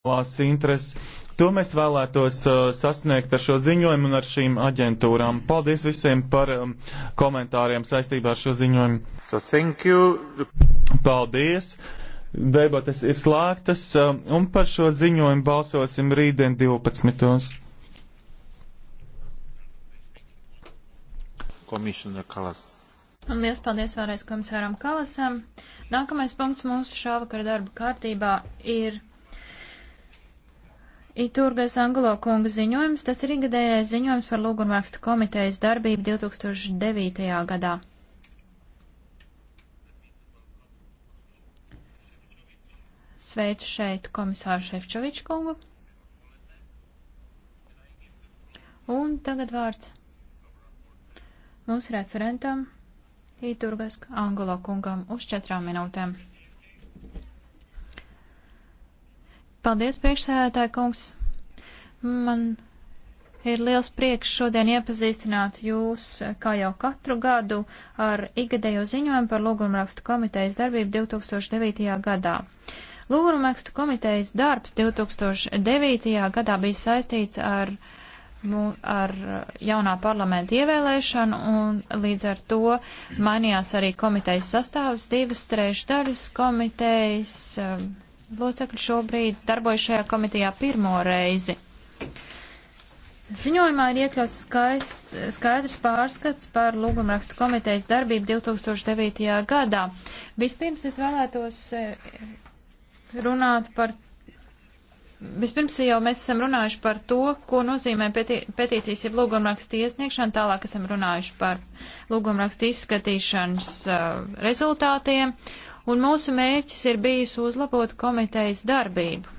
nacionālās intereses. To mēs vēlētos uh, sasniegt ar šo ziņojumu un ar šīm aģentūrām. Paldies visiem par um, komentāriem saistībā ar šo ziņojumu. So thank you. Paldies. Debates ir slēgtas um, un par šo ziņojumu balsosim rītdien 12. Komisija Kalas. Un liels paldies vēlreiz komisāram Kalasam. Nākamais punkts mūsu šāvakar darba kārtībā ir. Iturgais Anglo kunga ziņojums, tas ir ikgadējais ziņojums par lūgumrakstu komitejas darbību 2009. gadā. Sveicu šeit komisāru Šefčoviču kungu. Un tagad vārds mūsu referentam Iturgas Anglo kungam uz četrām minūtēm. Paldies, priekšsēdētāji kungs. Man ir liels prieks šodien iepazīstināt jūs, kā jau katru gadu, ar ikgadējo ziņojumu par lūgumrakstu komitejas darbību 2009. gadā. Lūgumrakstu komitejas darbs 2009. gadā bija saistīts ar, ar jaunā parlamenta ievēlēšanu, un līdz ar to mainījās arī komitejas sastāvs divas trešdaļas komitejas. Um, locekļi šobrīd darbojas šajā komitejā pirmo reizi. Ziņojumā ir iekļauts skaist, skaidrs pārskats par lūgumrakstu komitejas darbību 2009. gadā. Vispirms es vēlētos eh, runāt par. Vispirms jau mēs esam runājuši par to, ko nozīmē peti, petīcijas jeb lūgumrakstu iesniegšana, tālāk esam runājuši par lūgumrakstu izskatīšanas uh, rezultātiem un mūsu mērķis ir bijis uzlabot komitejas darbību.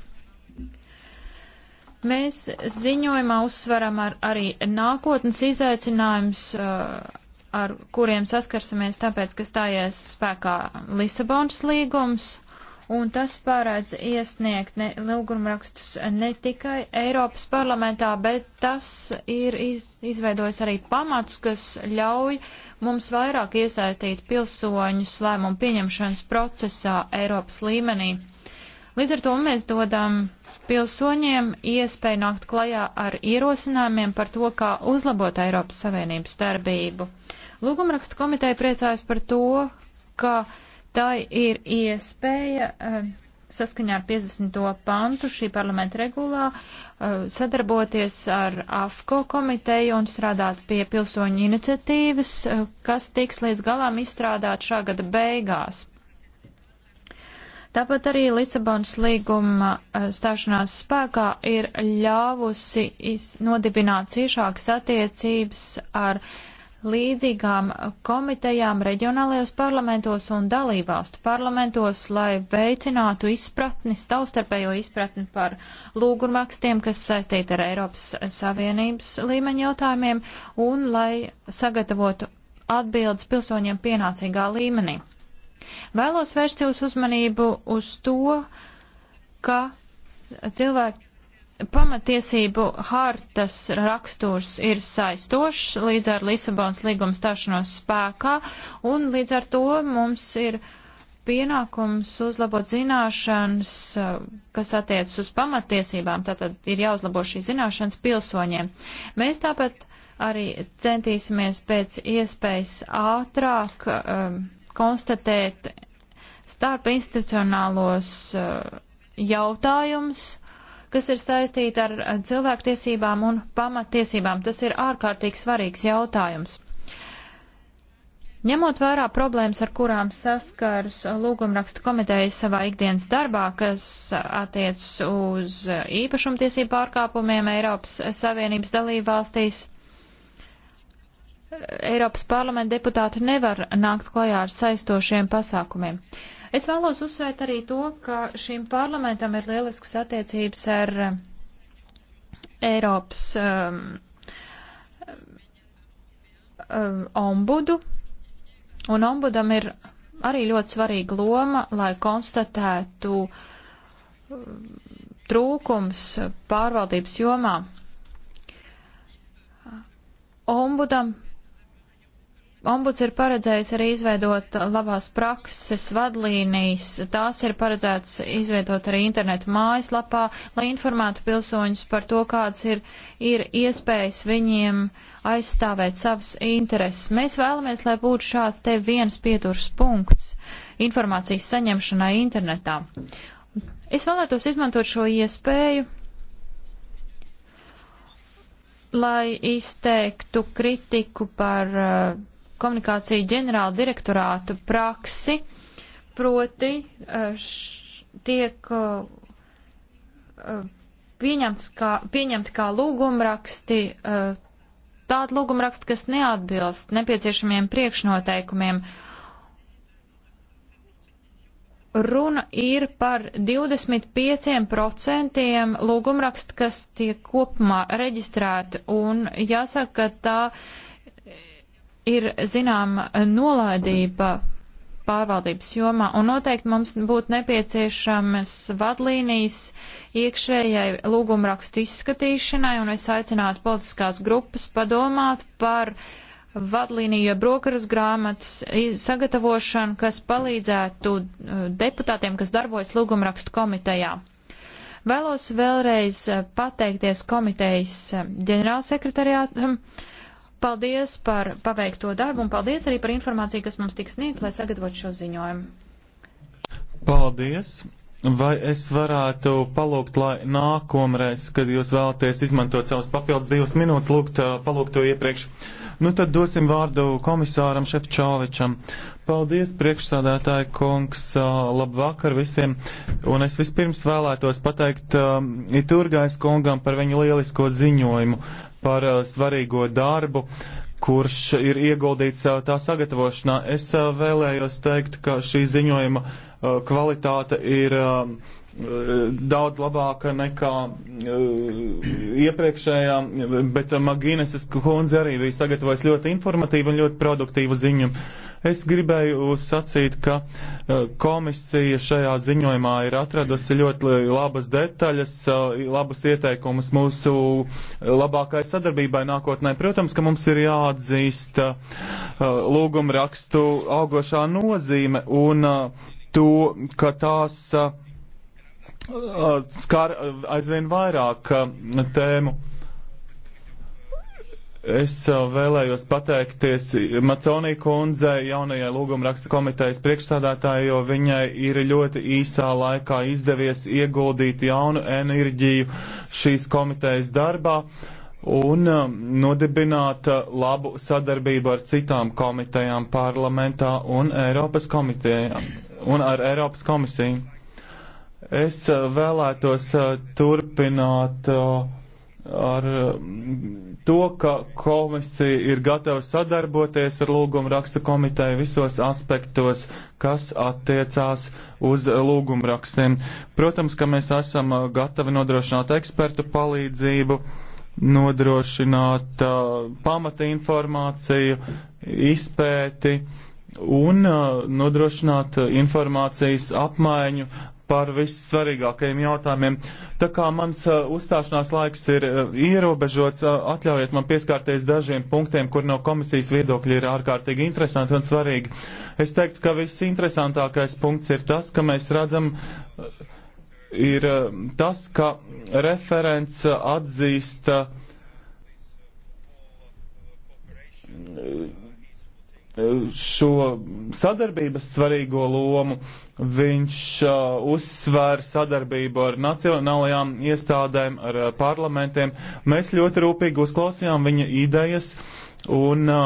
Mēs ziņojumā uzsveram ar, arī nākotnes izaicinājums, uh, ar kuriem saskarsimies tāpēc, ka stājies spēkā Lisabonas līgums, un tas pārēdz iesniegt ne, lūgumrakstus ne tikai Eiropas parlamentā, bet tas ir iz, izveidojis arī pamatus, kas ļauj uh, mums vairāk iesaistīt pilsoņus lēmumu pieņemšanas procesā Eiropas līmenī. Līdz ar to mēs dodam pilsoņiem iespēju nākt klajā ar ierosinājumiem par to, kā uzlabot Eiropas Savienības darbību. Lūgumrakstu komiteja priecājas par to, ka tai ir iespēja eh, saskaņā ar 50. pantu šī parlamenta regulā Uh, sadarboties ar AFCO komiteju un strādāt pie pilsoņu iniciatīvas, uh, kas tiks līdz galām izstrādāt šā gada beigās. Tāpat arī Lisabonas līguma uh, stāšanās spēkā ir ļāvusi nodibināt ciešākas attiecības ar uh, līdzīgām komitejām reģionālajos parlamentos un dalībvalstu parlamentos, lai veicinātu izpratni, staustarpējo izpratni par lūgurmakstiem, kas saistīti ar Eiropas Savienības līmeņa jautājumiem, un lai sagatavotu atbildes pilsoņiem pienācīgā līmenī. Vēlos vērst jūs uzmanību uz to, ka cilvēki pamatiesību hartas raksturs ir saistošs līdz ar Lisabonas līguma stāšanos spēkā, un līdz ar to mums ir pienākums uzlabot zināšanas, uh, kas attiecas uz pamatiesībām, tātad ir jāuzlabo šī zināšanas pilsoņiem. Mēs tāpat arī centīsimies pēc iespējas ātrāk um, konstatēt starp institucionālos uh, jautājumus, kas ir saistīta ar cilvēktiesībām un pamattiesībām. Tas ir ārkārtīgi svarīgs jautājums. Ņemot vērā problēmas, ar kurām saskars lūgumrakstu komiteja savā ikdienas darbā, kas attiec uz īpašumtiesību pārkāpumiem Eiropas Savienības dalībvalstīs, Eiropas parlamenta deputāti nevar nākt klajā ar saistošiem pasākumiem. Uh, Es vēlos uzsvērt arī to, ka šim parlamentam ir lielisks attiecības ar um, Eiropas um, um, ombudu, un ombudam ir arī ļoti svarīga loma, lai konstatētu um, trūkums pārvaldības jomā. Ombudam Ombuds ir paredzējis arī izveidot labās prakses vadlīnijas. Tās ir paredzēts izveidot arī internetu mājaslapā, lai informētu pilsoņus par to, kāds ir, ir iespējas viņiem aizstāvēt savas intereses. Mēs vēlamies, lai būtu šāds te viens pieturs punkts informācijas saņemšanai internetā. Es vēlētos izmantot šo iespēju, lai izteiktu kritiku par uh, komunikāciju ģenerāla direktorāta praksi, proti eh, š, tiek eh, eh, pieņemts kā, pieņemti kā lūgumraksti, tādi lūgumraksti, kas neatbilst nepieciešamiem priekšnoteikumiem. Runa ir par 25% lūgumrakstu, kas tiek kopumā reģistrēti, un jāsaka, ka tā ir zināma nolaidība pārvaldības jomā, un noteikti mums būtu nepieciešamas vadlīnijas iekšējai lūgumrakstu izskatīšanai, un es aicinātu politiskās grupas padomāt par vadlīniju brokeras grāmatas sagatavošanu, kas palīdzētu uh, deputātiem, kas darbojas lūgumrakstu komitejā. Vēlos vēlreiz uh, pateikties komitejas uh, ģenerālsekretariātam. Uh, Paldies par paveikto darbu un paldies arī par informāciju, kas mums tiks sniegt, lai sagatavotu šo ziņojumu. Paldies! Vai es varētu palūgt, lai nākamreiz, kad jūs vēlaties izmantot savas papildus divas minūtes, lūgt, palūgt to iepriekš? Nu tad dosim vārdu komisāram Šefčovičam. Paldies, priekšsādātāji kungs, labvakar visiem. Un es vispirms vēlētos pateikt um, Iturgais kungam par viņu lielisko ziņojumu, par uh, svarīgo darbu, kurš ir ieguldīts tā sagatavošanā. Es vēlējos teikt, ka šī ziņojuma Eh, kvalitāte ir eh, daudz labāka nekā eh, iepriekšējā, bet Magineses kundze arī bija sagatavojis ļoti informatīvu un ļoti produktīvu ziņu. Es gribēju sacīt, ka komisija šajā ziņojumā ir atradusi ļoti labas detaļas, labas ieteikumus mūsu labākai sadarbībai nākotnē. Protams, ka mums ir jāatzīst lūgumrakstu augošā nozīme un to, ka tās uh, skar uh, aizvien vairāk uh, tēmu. Es vēlējos pateikties Maconī kundzei, jaunajai lūguma raksta komitejas priekšstādātāji, jo viņai ir ļoti īsā laikā izdevies ieguldīt jaunu enerģiju šīs komitejas darbā un nodibināt labu sadarbību ar citām komitejām parlamentā un Eiropas komitejām un ar Eiropas komisiju. Es uh, vēlētos uh, turpināt uh, ar mm, to, ka komisija ir gatava sadarboties ar lūgumu raksta komiteju visos aspektos, kas attiecās uz lūgumu rakstiem. Protams, ka mēs esam gatavi nodrošināt ekspertu palīdzību, nodrošināt uh, pamata informāciju, izpēti. Uh, un uh, nodrošināt uh, informācijas apmaiņu par vissvarīgākajiem jautājumiem. Tā kā mans uh, uzstāšanās laiks ir ierobežots, atļaujiet man pieskārties dažiem punktiem, kur no komisijas viedokļa ir ārkārtīgi interesanti un svarīgi. Es teiktu, ka visinteresantākais punkts ir tas, ka mēs redzam, ir tas, ka referents atzīst šo sadarbības svarīgo lomu. Viņš uh, uzsver sadarbību ar nacionālajām iestādēm, ar uh, parlamentiem. Mēs ļoti rūpīgi uzklausījām viņa idejas un uh,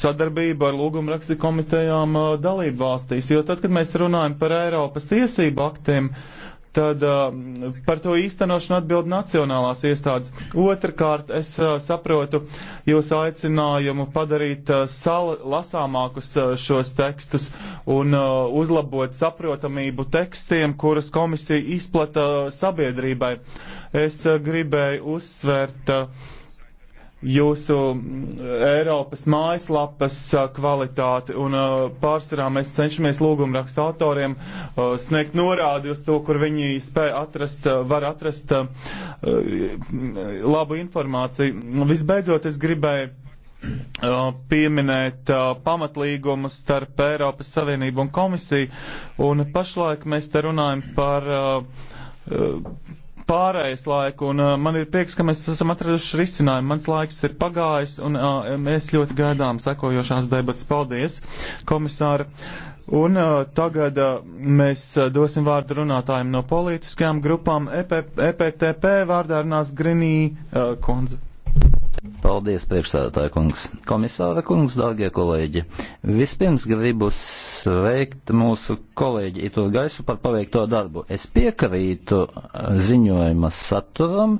sadarbību ar lūgumrakstu komitejām um, uh, dalību valstīs, jo tad, kad mēs runājam par Eiropas tiesību aktiem, uh, tad uh, par to īstenošanu atbild nacionālās iestādes. Otrakārt, es uh, saprotu jūsu aicinājumu padarīt uh, sal, lasāmākus uh, šos tekstus un uh, uzlabot saprotamību tekstiem, kurus komisija izplata uh, sabiedrībai. Es uh, gribēju uzsvērt. Uh, jūsu mm, Eiropas mājaslapas kvalitāti, un pārsvarā mēs cenšamies lūgumrakstu autoriem sniegt norādi uz to, kur viņi spēja atrast, var atrast labu informāciju. Visbeidzot, es gribēju pieminēt pamatlīgumu starp Eiropas Savienību un komisiju, un pašlaik mēs te runājam par pārējais laiku, un uh, man ir prieks, ka mēs esam atraduši risinājumu. Mans laiks ir pagājis, un uh, mēs ļoti gaidām sekojošās debatas. Paldies, komisāri! Un uh, tagad uh, mēs uh, dosim vārdu runātājiem no politiskajām grupām. EP, EPTP vārdā runās Grinī uh, Konze. Paldies, priekšstādātāja kungs. Komisāra kungs, dārgie kolēģi. Vispirms gribu sveikt mūsu kolēģi Itu Gaisu par paveikto darbu. Es piekrītu ziņojuma saturam,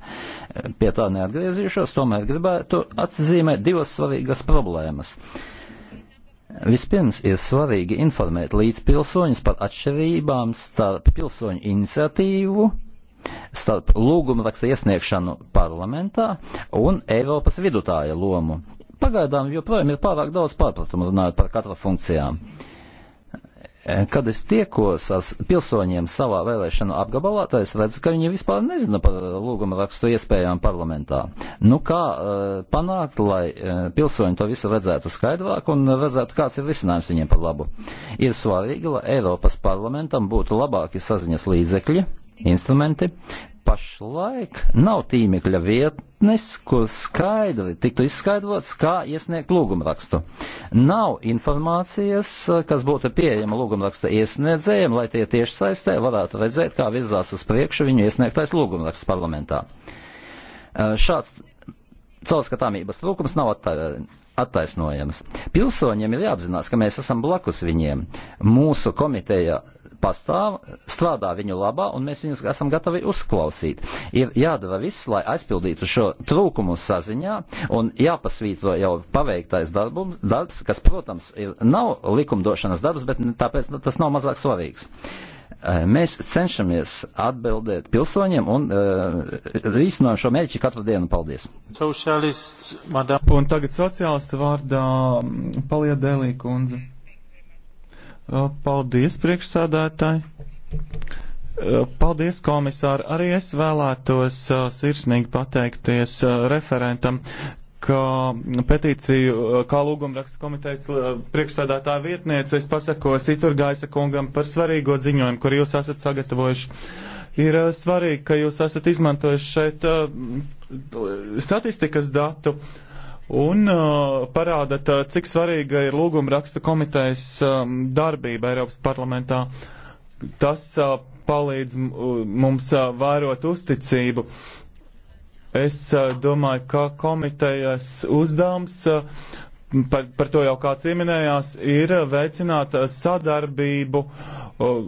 pie tā neatgriezīšos, tomēr gribētu atzīmēt divas svarīgas problēmas. Vispirms ir svarīgi informēt līdz pilsoņus par atšķirībām starp pilsoņu iniciatīvu starp lūgumraksta iesniegšanu parlamentā un Eiropas vidutāja lomu. Pagaidām joprojām ir pārāk daudz pārpratumu runājot par katra funkcijām. Kad es tiekos ar pilsoņiem savā vēlēšanu apgabalā, tad es redzu, ka viņi vispār nezina par lūguma rakstu iespējām parlamentā. Nu, kā uh, panākt, lai uh, pilsoņi to visu redzētu skaidrāk un redzētu, kāds ir risinājums viņiem par labu? Ir svarīgi, lai Eiropas parlamentam būtu labāki saziņas līdzekļi, uh, instrumenti. Pašlaik nav tīmekļa vietnes, kur skaidri tiktu izskaidrots, kā iesniegt lūgumrakstu. Nav informācijas, kas būtu pieejama lūgumraksta iesniedzējiem, lai tie tieši saistē varētu redzēt, kā virzās uz priekšu viņu iesniegtais lūgumraksts parlamentā. Šāds caurskatāmības trūkums nav attaisnojams. Pilsoņiem ir jāapzinās, ka mēs esam blakus viņiem. Mūsu komiteja pastāv, strādā viņu labā, un mēs viņus esam gatavi uzklausīt. Ir jādara viss, lai aizpildītu šo trūkumu saziņā, un jāpasvītro jau paveiktais darbums, darbs, kas, protams, ir, nav likumdošanas darbs, bet tāpēc tas nav mazāk svarīgs. Mēs cenšamies atbildēt pilsoņiem un uh, īstenojam šo mērķi katru dienu. Paldies! Socialists, madam. Un tagad sociālistu vārdā mm, paliet Dēlī kundze. Paldies, priekšsādātāji! Paldies, komisāri! Arī es vēlētos sirsnīgi pateikties referentam ka petīciju, kā lūgumraksta komitejas priekšsādātāja vietniece, es pasakoju Siturgaisa kungam par svarīgo ziņojumu, kur jūs esat sagatavojuši. Ir svarīgi, ka jūs esat izmantojuši šeit statistikas datu. Uh, un uh, parādat, uh, cik svarīga ir lūguma raksta komitejas um, darbība Eiropas parlamentā. Tas uh, palīdz mums uh, vērot uzticību. Es uh, domāju, ka komitejas uzdevums, uh, par, par to jau kāds pieminējās, ir veicināt uh, sadarbību Uh,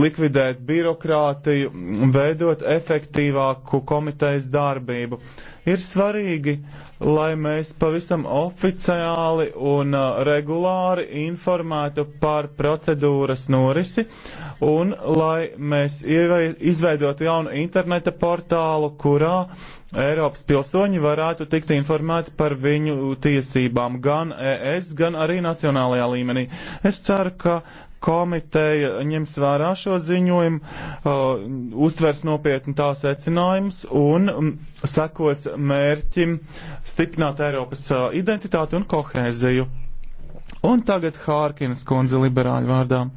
likvidēt birokrātiju, veidot efektīvāku komitejas darbību. Ir svarīgi, lai mēs pavisam oficiāli un uh, regulāri informētu par procedūras norisi un lai mēs izveidotu jaunu interneta portālu, kurā Eiropas pilsoņi varētu tikt informēti par viņu tiesībām gan ES, gan arī nacionālajā līmenī. Es ceru, ka komiteja ņems vērā šo ziņojumu, uh, uztvers nopietni tā secinājumus un um, sekos mērķim stiprināt Eiropas uh, identitāti un kohēziju. Un tagad Hārkinas kundze liberāļu vārdām.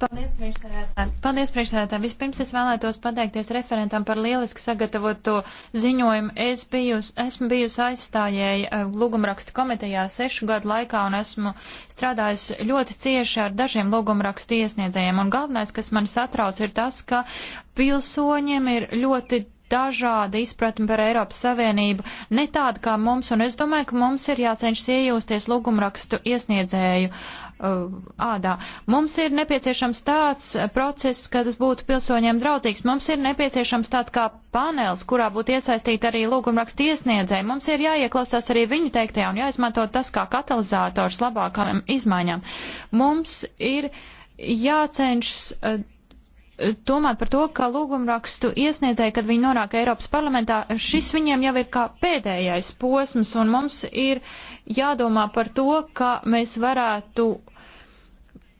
Paldies, priekšsēdētāji. Paldies, priekšsēdētāji. Vispirms es vēlētos pateikties referentam par lieliski sagatavoto ziņojumu. Es bijus, esmu bijusi aizstājēja eh, lūgumrakstu komitejā sešu gadu laikā un esmu strādājusi ļoti cieši ar dažiem lūgumrakstu iesniedzējiem. Un galvenais, kas man satrauc, ir tas, ka pilsoņiem ir ļoti dažāda izpratne par Eiropas Savienību, ne tāda kā mums, un es domāju, ka mums ir jācenšas iejūsties lūgumrakstu iesniedzēju uh, Uh, ādā. Mums ir nepieciešams tāds process, kad būtu pilsoņiem draudzīgs. Mums ir nepieciešams tāds kā panels, kurā būtu iesaistīti arī lūgumrakstu iesniedzēji. Mums ir jāieklausās arī viņu teiktajā un jāizmanto tas kā katalizators labākām izmaiņām. Mums ir jācenšas uh, domāt par to, ka lūgumrakstu iesniedzēji, kad viņi norāk Eiropas parlamentā, šis viņiem jau ir kā pēdējais posms, un mums ir jādomā par to, ka mēs varētu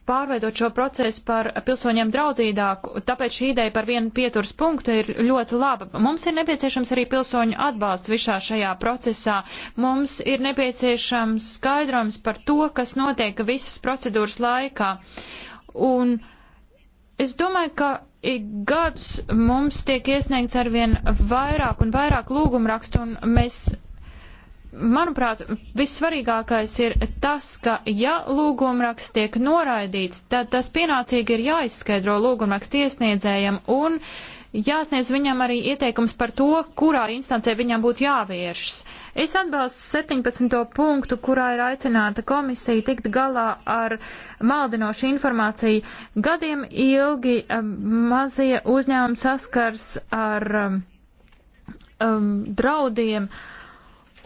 pārveidot šo procesu par pilsoņiem draudzīgāku, tāpēc šī ideja par vienu pieturas punktu ir ļoti laba. Mums ir nepieciešams arī pilsoņu atbalsts visā šajā procesā. Mums ir nepieciešams skaidrums par to, kas notiek visas procedūras laikā. Un uh, Es domāju, ka ik gads mums tiek iesniegts arvien vairāk un vairāk lūgumrakstu, un mēs manuprāt, vissvarīgākais ir tas, ka ja lūgumraksts tiek noraidīts, tad tas pienācīgi ir jāizskaidro lūgumraksta iesniedzējiem un jāsniedz viņam arī ieteikums par to, kurā instancē viņam būtu jāvēršas. Es atbalstu 17. punktu, kurā ir aicināta komisija tikt galā ar maldinošu informāciju. Gadiem ilgi um, mazie uzņēmumi saskars ar um, um, draudiem.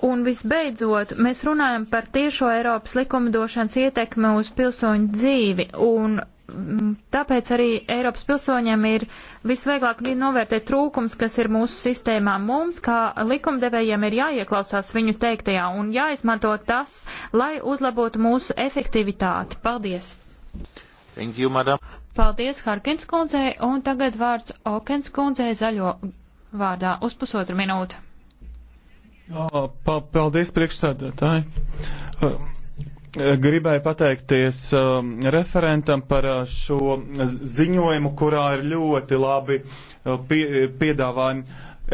Un visbeidzot, mēs runājam par tiešo Eiropas likumdošanas ietekmi uz pilsoņu dzīvi, un Mm, tāpēc arī Eiropas pilsoņiem ir visvieglāk novērtēt trūkums, kas ir mūsu sistēmā. Mums, kā likumdevējiem, ir jāieklausās viņu teiktajā un jāizmanto tas, lai uzlabotu mūsu efektivitāti. Paldies! Thank you, madam. Paldies Harkins kundzei, un tagad vārds Okens kundzei zaļo vārdā uz pusotru minūtu. Jā, paldies priekšsēdētāji. Uh gribēju pateikties um, referentam par uh, šo ziņojumu, kurā ir ļoti labi uh, pie, piedāvājumi.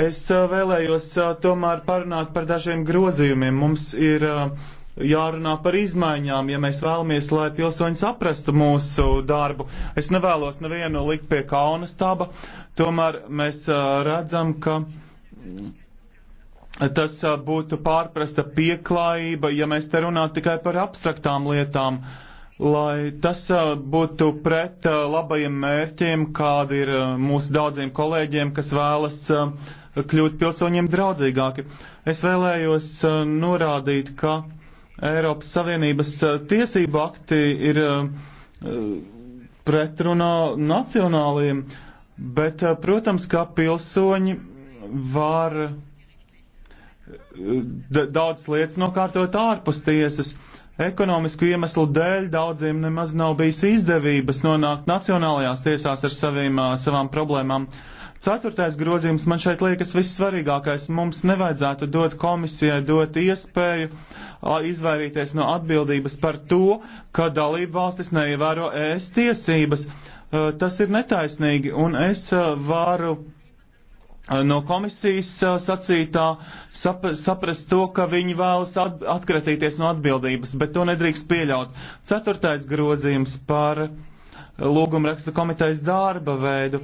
Es uh, vēlējos tomēr parunāt par dažiem grozījumiem. Mums ir jārunā par izmaiņām, ja mēs vēlamies, lai pilsoņi saprastu mūsu darbu. Es nevēlos nevienu likt pie kauna staba, tomēr mēs redzam, ka tas būtu pārprasta pieklājība, ja mēs te runātu tikai par abstraktām lietām, lai tas būtu pret labajiem mērķiem, kādi ir mūsu daudziem kolēģiem, kas vēlas kļūt pilsoņiem draudzīgāki. Es vēlējos norādīt, ka Eiropas Savienības tiesību akti ir pretrunā nacionāliem, bet, protams, kā pilsoņi var Daudz lietas nokārtot ārpus tiesas. Ekonomisku iemeslu dēļ daudziem nemaz nav bijis izdevības nonākt nacionālajās tiesās ar saviem, savām problēmām. Ceturtais grozījums man šeit liekas vissvarīgākais. Mums nevajadzētu dot komisijai dot iespēju izvairīties no atbildības par to, ka dalību valstis neievēro ēst tiesības. Tas ir netaisnīgi, un es varu no komisijas uh, sacītā sap, saprast to, ka viņi vēlas at, atkratīties no atbildības, bet to nedrīkst pieļaut. Ceturtais grozījums par lūgumraksta komitejas darba veidu.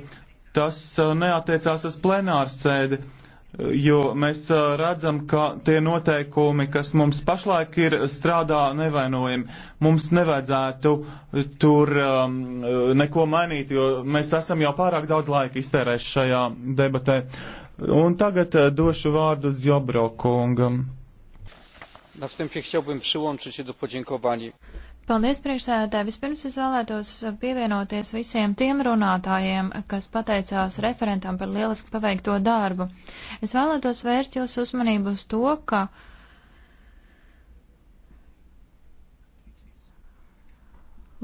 Tas uh, neatiecās uz plenārs sēdi. Uh, jo mēs redzam, ka tie noteikumi, kas mums pašlaik ir, strādā nevainojami. Mums nevajadzētu tur um, neko mainīt, jo mēs esam jau pārāk daudz laika iztērējuši šajā debatē. Un tagad uh, došu vārdu Zjobro kungam. Na wstępie chciałbym przyłączyć się do podziękowań. Paldies, priekšsēdētāji. Vispirms es vēlētos pievienoties visiem tiem runātājiem, kas pateicās referentam par lieliski paveikto darbu. Es vēlētos vērst jūsu uzmanību uz to, ka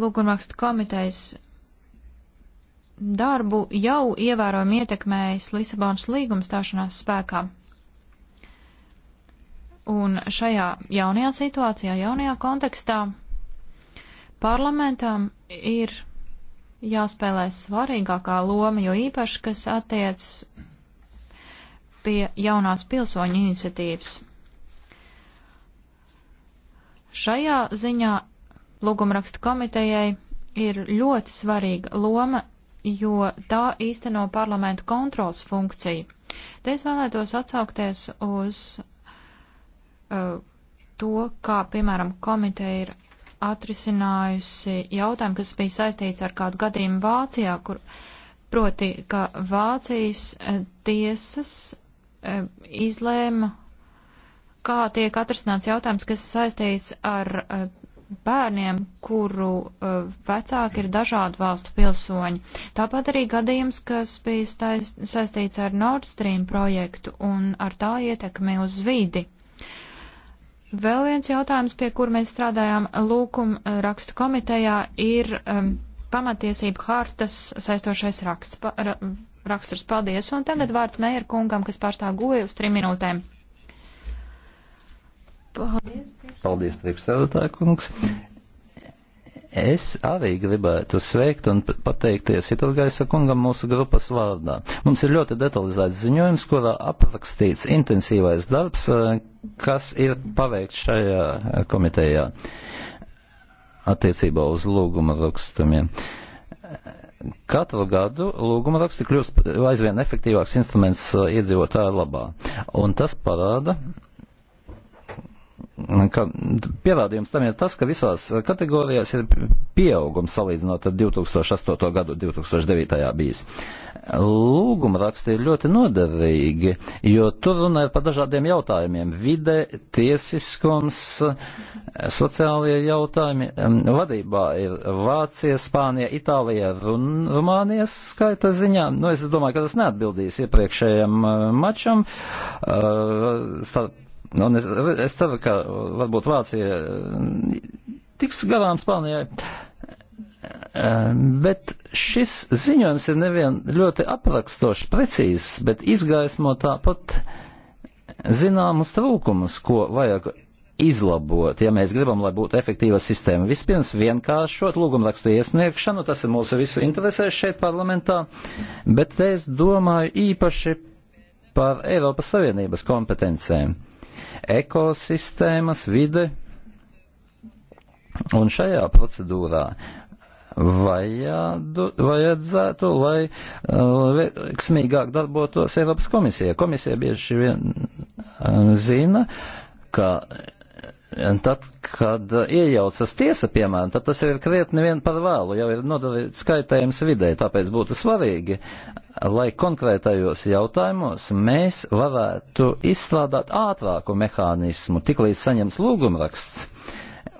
Lūgumrakstu komitejas darbu jau ievērojami ietekmējis Lisabonas līguma stāšanās spēkā. Un šajā jaunajā situācijā, jaunajā kontekstā Parlamentam ir jāspēlē svarīgākā loma, jo īpaši, kas attiec pie jaunās pilsoņu iniciatīvas. Šajā ziņā lūgumrakstu komitejai ir ļoti svarīga loma, jo tā īsteno parlamentu kontrols funkciju. Te es vēlētos atsaukties uz uh, to, kā, piemēram, komiteja ir atrisinājusi jautājumu, kas bija saistīts ar kādu gadījumu Vācijā, kur proti, ka Vācijas eh, tiesas eh, izlēma, kā tiek atrisināts jautājums, kas saistīts ar eh, bērniem, kuru vecāki ir dažādu valstu pilsoņi. Tāpat arī gadījums, kas bija saistīts ar Nord Stream projektu un ar tā ietekmi uz vidi. Vēl viens jautājums, pie kur mēs strādājām lūkuma rakstu komitejā, ir um, pamatiesību hartas saistošais raksts, pa, ra, raksturs. Paldies! Un tagad vārds mēra kungam, kas pārstāv goja uz trim minūtēm. Paldies, priekšstādātāja kungs. Es arī gribētu sveikt un pateikties Iturgaisa kungam mūsu grupas vārdā. Mums ir ļoti detalizēts ziņojums, kurā aprakstīts intensīvais darbs, eh, kas ir paveikts šajā eh, komitejā attiecībā uz lūguma rakstumiem. Katru gadu lūguma raksti kļūst aizvien efektīvāks instruments eh, iedzīvotāju labā. Un tas parāda, ka pierādījums tam ir tas, ka visās eh, kategorijās ir pieaugums salīdzinot ar 2008. gadu, 2009. bijis. Lūguma raksti ir ļoti noderīgi, jo tur runa ir par dažādiem jautājumiem - vide, tiesiskums, sociālie jautājumi. Vadībā ir Vācija, Spānija, Itālija, Run Rumānijas skaita ziņā. Nu, es domāju, ka tas neatbildīs iepriekšējiem eh, mačam. Uh, starp Nu, un es, es ceru, ka varbūt Vācija mm, tiks garām Spānijai. Mm, bet šis ziņojums ir nevien ļoti aprakstošs, precīzs, bet izgaismo tāpat zināmus trūkumus, ko vajag izlabot, ja mēs gribam, lai būtu efektīva sistēma. Vispirms vienkāršot lūgumrakstu iesniegšanu, tas ir mūsu visu interesēs šeit parlamentā, bet es domāju īpaši par Eiropas Savienības kompetencēm ekosistēmas, vide. Un šajā procedūrā vajādu, vajadzētu, lai uh, veiksmīgāk darbotos Eiropas komisija. Komisija bieži vien uh, zina, ka Tad, kad uh, iejaucas tiesa, piemēram, tad tas jau ir krietni vien par vēlu, jau ir nodarīts skaitējums vidē, tāpēc būtu svarīgi, lai konkrētajos jautājumos mēs varētu izstrādāt ātrāku mehānismu, tiklīdz saņems lūgumraksts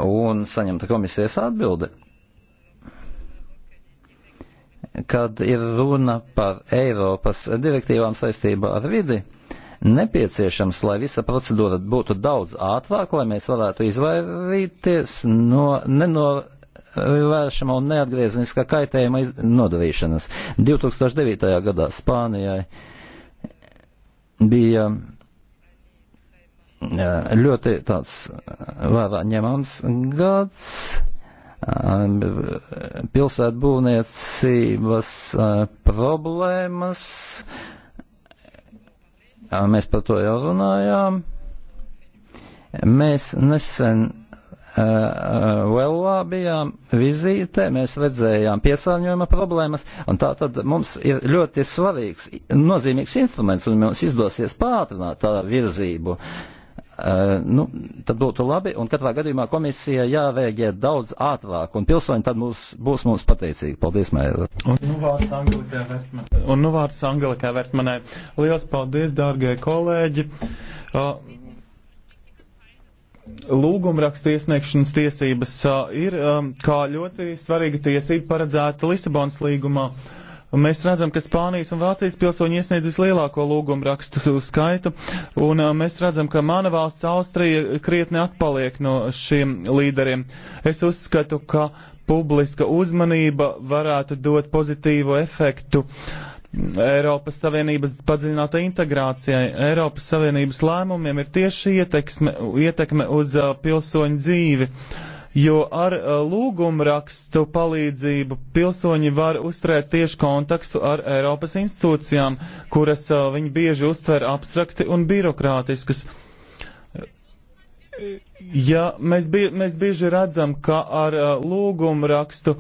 un saņemta komisijas atbildi kad ir runa par Eiropas direktīvām saistībā ar vidi, nepieciešams, lai visa procedūra būtu daudz ātrāka, lai mēs varētu izvairīties no nenor vēršama un neatgriezeniskā kaitējuma nodarīšanas. 2009. gadā Spānijai bija eh, ļoti tāds eh, vērā ņemams gads eh, pilsētbūvniecības problēmas Mēs par to jau runājām. Mēs nesen Velvā bijām vizītē, mēs redzējām piesārņojuma problēmas, un tā tad mums ir ļoti svarīgs, nozīmīgs instruments, un mums izdosies pātrināt tā virzību. Uh, Eh, nu, tad būtu labi, un katrā gadījumā komisija jārēģē daudz ātrāk, un pilsoņi tad mūs, būs mums pateicīgi. Paldies, Mēra. Un nu vārds Angelikai Vertmanai. Un nu vārds Angelikai Vertmanai. Lielas paldies, dārgie kolēģi. Uh, Lūgumrakstu iesniegšanas tiesības uh, ir um, kā ļoti svarīga tiesība paredzēta Lisabonas līgumā. Uh, Un mēs redzam, ka Spānijas un Vācijas pilsoņi iesniedz vislielāko lūgumu rakstu skaitu, un uh, mēs redzam, ka mana valsts Austrija krietni atpaliek no šiem līderiem. Es uzskatu, ka publiska uzmanība varētu dot pozitīvu efektu. Eiropas Savienības padziļināta integrācijai, Eiropas Savienības lēmumiem ir tieši ietekme, ietekme uz uh, pilsoņu dzīvi. Uh, jo ar uh, lūgumrakstu palīdzību pilsoņi var uzturēt tieši kontaktu ar Eiropas institūcijām, kuras uh, viņi bieži uztver abstrakti un birokrātiskas. Ja mēs, bie, mēs bieži redzam, ka ar uh, lūgumu rakstu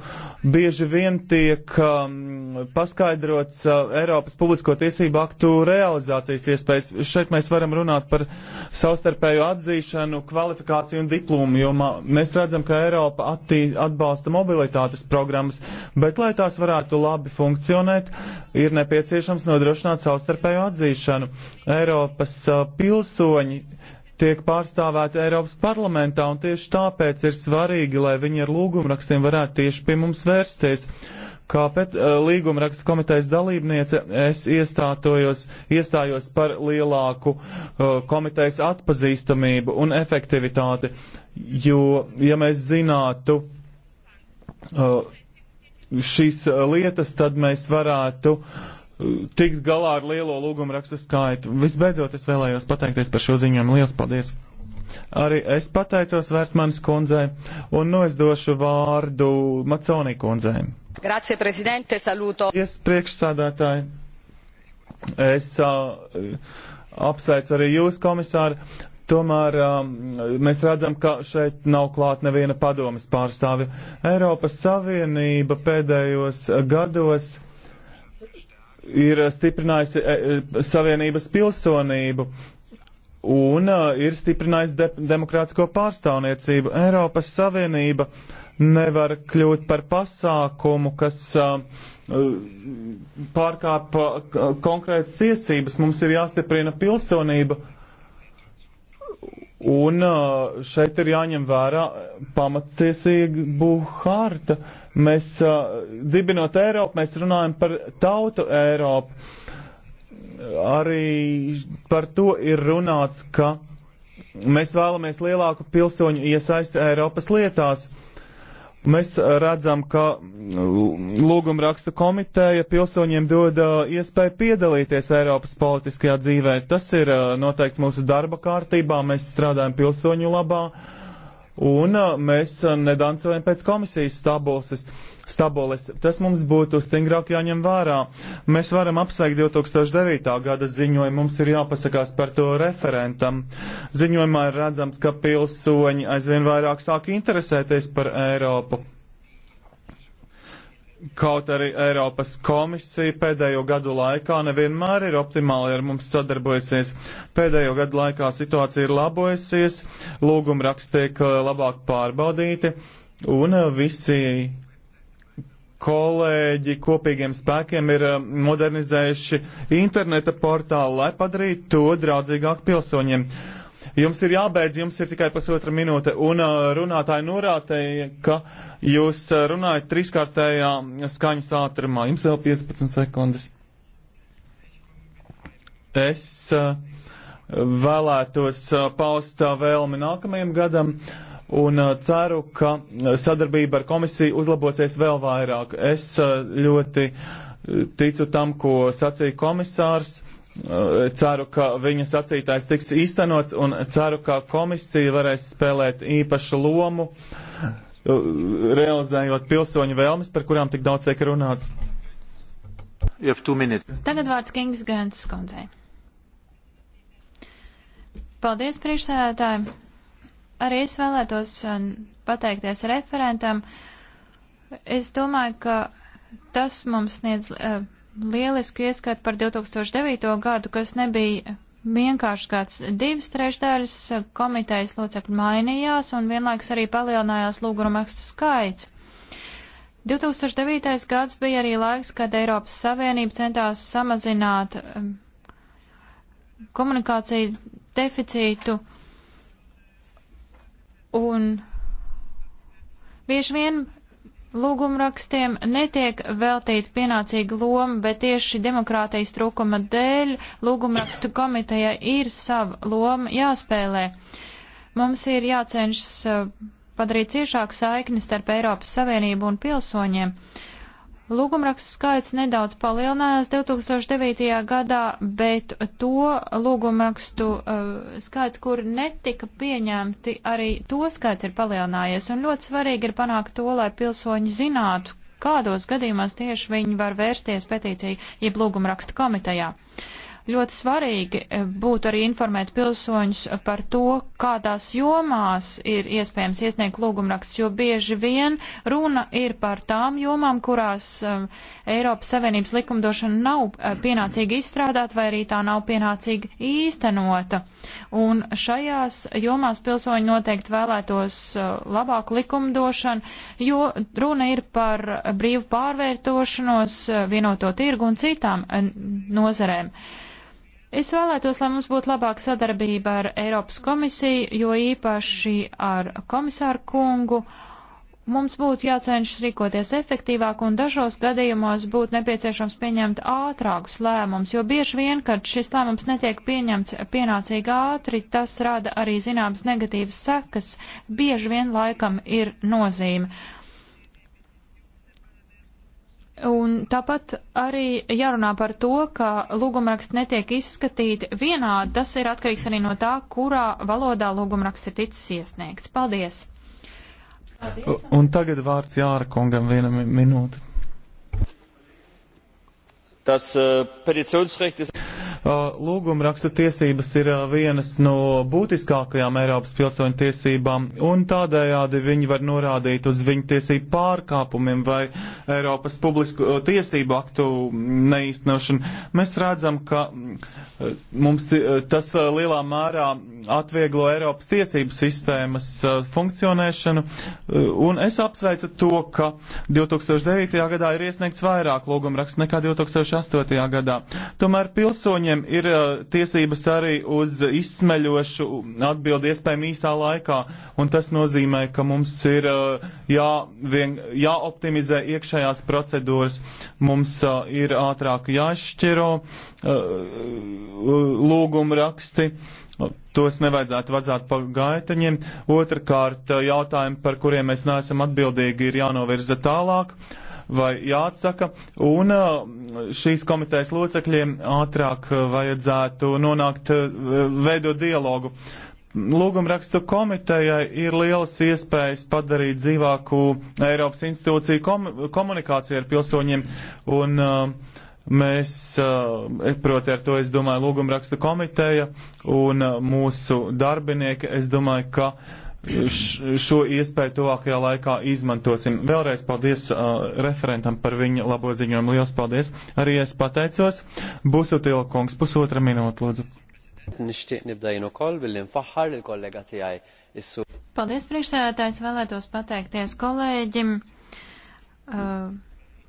bieži vien tiek um, paskaidrots uh, Eiropas publisko tiesību aktu realizācijas iespējas. Šeit mēs varam runāt par savstarpēju atzīšanu, kvalifikāciju un diplomu, jo mā, mēs redzam, ka Eiropa attī, atbalsta mobilitātes programmas, bet lai tās varētu labi funkcionēt, ir nepieciešams nodrošināt savstarpēju atzīšanu. Eiropas uh, pilsoņi tiek pārstāvēti Eiropas parlamentā, un tieši tāpēc ir svarīgi, lai viņi ar lūgumrakstiem varētu tieši pie mums vērsties. Kā pēc eh, līgumraksta komitejas dalībniece es iestātojos, iestājos par lielāku uh, komitejas atpazīstamību un efektivitāti, jo, ja mēs zinātu uh, šīs lietas, tad mēs varētu uh, tikt galā ar lielo lūgumu rakstu skaitu. Visbeidzot, es vēlējos pateikties par šo ziņojumu. Lielas paldies! Arī es pateicos Vērtmanas kundzei, un nu es došu vārdu Maconī kundzei. Grazie, prezidente, saluto! Yes, priekšsādātāji, es uh, apsveicu arī jūs, komisāri. Tomēr um, mēs redzam, ka šeit nav klāt neviena padomas pārstāvi. Eiropas Savienība pēdējos gados ir stiprinājusi e, e, savienības pilsonību un uh, ir stiprinājusi de demokrātisko pārstāvniecību. Eiropas Savienība nevar kļūt par pasākumu, kas uh, pārkāpa konkrētas tiesības. Mums ir jāstiprina pilsonība Un šeit ir jāņem vērā pamatiesību harta. Mēs dibinot Eiropu, mēs runājam par tautu Eiropu. Arī par to ir runāts, ka mēs vēlamies lielāku pilsoņu iesaisti Eiropas lietās. Mēs uh, redzam, ka mm, lūgumraksta komiteja pilsoņiem dod uh, iespēju piedalīties Eiropas politiskajā dzīvē. Tas ir uh, noteikts mūsu darba kārtībā, mēs strādājam pilsoņu labā. Uh, un uh, mēs uh, nedancojam pēc komisijas stabules. stabules. Tas mums būtu stingrāk jāņem vērā. Mēs varam apsveikt 2009. gada ziņojumu, mums ir jāpasakās par to referentam. Ziņojumā ir redzams, ka pilsoņi aizvien vairāk sāk interesēties par Eiropu. Kaut arī Eiropas komisija pēdējo gadu laikā nevienmēr ir optimāli ar mums sadarbojusies. Pēdējo gadu laikā situācija ir labojusies, lūguma raksti tiek eh, labāk pārbaudīti un eh, visi kolēģi kopīgiem spēkiem ir eh, modernizējuši interneta portālu, lai padarītu to draudzīgāk pilsoņiem. Uh, Jums ir jābeidz, jums ir tikai pusotra minūte, un uh, runātāji norādīja, ka jūs uh, runājat trīskārtējā skaņas ātrumā. Jums vēl 15 sekundes. Es uh, vēlētos paust vēlmi nākamajam gadam un ceru, ka sadarbība ar komisiju uzlabosies vēl vairāk. Es ļoti ticu tam, ko sacīja komisārs Eh, ceru, ka viņa sacītājs tiks īstenots un ceru, ka komisija varēs spēlēt īpašu lomu, eh, realizējot pilsoņu vēlmes, par kurām tik daudz tiek runāts. Tagad vārds Kingas Gants skundzei. Paldies, priekšsēdētāji. Arī es vēlētos eh, pateikties referentam. Es domāju, ka tas mums sniedz. Uh, lielisku ieskatu par 2009. gadu, kas nebija vienkārši gads. Divas trešdaļas komitejas locekļu mainījās un vienlaiks arī palielinājās lūgurumakstu skaits. 2009. gads bija arī laiks, kad Eiropas Savienība centās samazināt um, komunikāciju deficītu un bieži vien Lūgumrakstiem netiek veltīta pienācīga loma, bet tieši demokrātijas trūkuma dēļ lūgumrakstu komiteja ir sava loma jāspēlē. Mums ir jācenšas eh, padarīt ciešāku saikni starp Eiropas Savienību un pilsoņiem. Uh, Lūgumrakstu skaits nedaudz palielinājās 2009. gadā, bet to lūgumrakstu uh, skaits, kur netika pieņemti, arī to skaits ir palielinājies. Un ļoti svarīgi ir panākt to, lai pilsoņi zinātu, kādos gadījumos tieši viņi var vērsties petīciju jeb lūgumrakstu komitejā. Uh, Ļoti svarīgi e, būtu arī informēt pilsoņus par to, kādās jomās ir iespējams iesniegt lūgumrakstus, jo bieži vien runa ir par tām jomām, kurās um, Eiropas Savienības likumdošana nav uh, pienācīgi izstrādāta vai arī tā nav pienācīgi īstenota. Un šajās jomās pilsoņi noteikti vēlētos uh, labāku likumdošanu, jo runa ir par brīvu pārvērtošanos, vienoto tirgu un citām nozarēm. Es vēlētos, lai mums būtu labāka sadarbība ar Eiropas komisiju, jo īpaši ar komisāru kungu. Mums būtu jācenšas rīkoties efektīvāk un dažos gadījumos būtu nepieciešams pieņemt ātrākus lēmumus, jo bieži vien, kad šis lēmums netiek pieņemts pienācīgi ātri, tas rada arī zināmas negatīvas sekas, bieži vien laikam ir nozīme. Un tāpat arī jārunā par to, ka lūgumraksts netiek izskatīti vienādi. Tas ir atkarīgs arī no tā, kurā valodā lūgumraksts ir ticis iesniegts. Paldies! Paldies. Un tagad vārds Jāra kungam viena minūte. Tas uh, eh, peticijas rechts. Uh, lūgumrakstu tiesības ir uh, vienas no būtiskākajām Eiropas pilsoņu tiesībām, un tādējādi viņi var norādīt uz viņu tiesību pārkāpumiem vai Eiropas publisku uh, tiesību aktu neīstenošanu. Mēs redzam, ka mums tas lielā mērā atvieglo Eiropas tiesību sistēmas funkcionēšanu, un es apsveicu to, ka 2009. gadā ir iesniegts vairāk lūgumrakstu nekā 2008. gadā. Tomēr pilsoņi pilsoņiem ir tiesības arī uz izsmeļošu atbildi iespējami īsā laikā, un tas nozīmē, ka mums ir jā, vien, jāoptimizē iekšējās procedūras, mums ir ātrāk jāšķiro lūgumu raksti, tos nevajadzētu vazāt pa gaitaņiem. Otrakārt, jautājumi, par kuriem mēs neesam atbildīgi, ir jānovirza tālāk. Uh, vai jāatsaka, un uh, šīs komitejas locekļiem ātrāk uh, vajadzētu nonākt, uh, veidot dialogu. Lūgumrakstu komitejai ir lielas iespējas padarīt dzīvāku Eiropas institūciju kom komunikāciju ar pilsoņiem, un uh, mēs, uh, proti ar to, es domāju, lūgumrakstu komiteja un uh, mūsu darbinieki, es domāju, ka uh, šo iespēju tuvākajā laikā izmantosim. Vēlreiz paldies uh, referentam par viņa labo ziņojumu. Lielas paldies. Arī es pateicos. Busutila kungs, pusotra minūte, lūdzu. Paldies, priekšsēdētājs. Vēlētos pateikties kolēģim. Uh,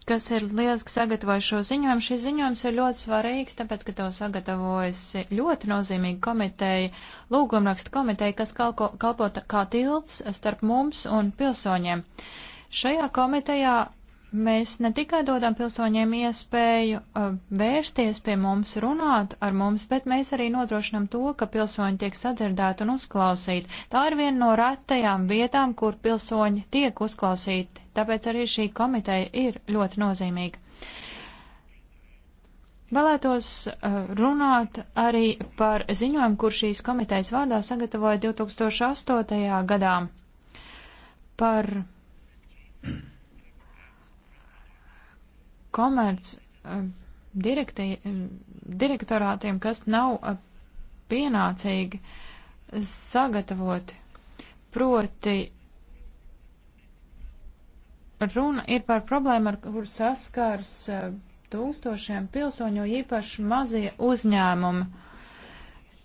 kas ir lieliski sagatavojis šo ziņojumu. Šis ziņojums ir ļoti svarīgs, tāpēc, ka to sagatavojas ļoti nozīmīga komiteja, lūgumraksta komiteja, kas kalko, kalpo kā tilts starp mums un pilsoņiem. Šajā komitejā mēs ne tikai dodam pilsoņiem iespēju uh, vērsties pie mums, runāt ar mums, bet mēs arī nodrošinam to, ka pilsoņi tiek sadzirdēti un uzklausīti. Tā ir viena no retajām vietām, kur pilsoņi tiek uzklausīti tāpēc arī šī komiteja ir ļoti nozīmīga. Vēlētos uh, runāt arī par ziņojumu, kur šīs komitejas vārdā sagatavoja 2008. gadā par komerc uh, direkti, direktorātiem, kas nav uh, pienācīgi sagatavoti. Proti Runa ir par problēmu, ar kur saskars e, tūkstošiem pilsoņu, īpaši mazie uzņēmumi.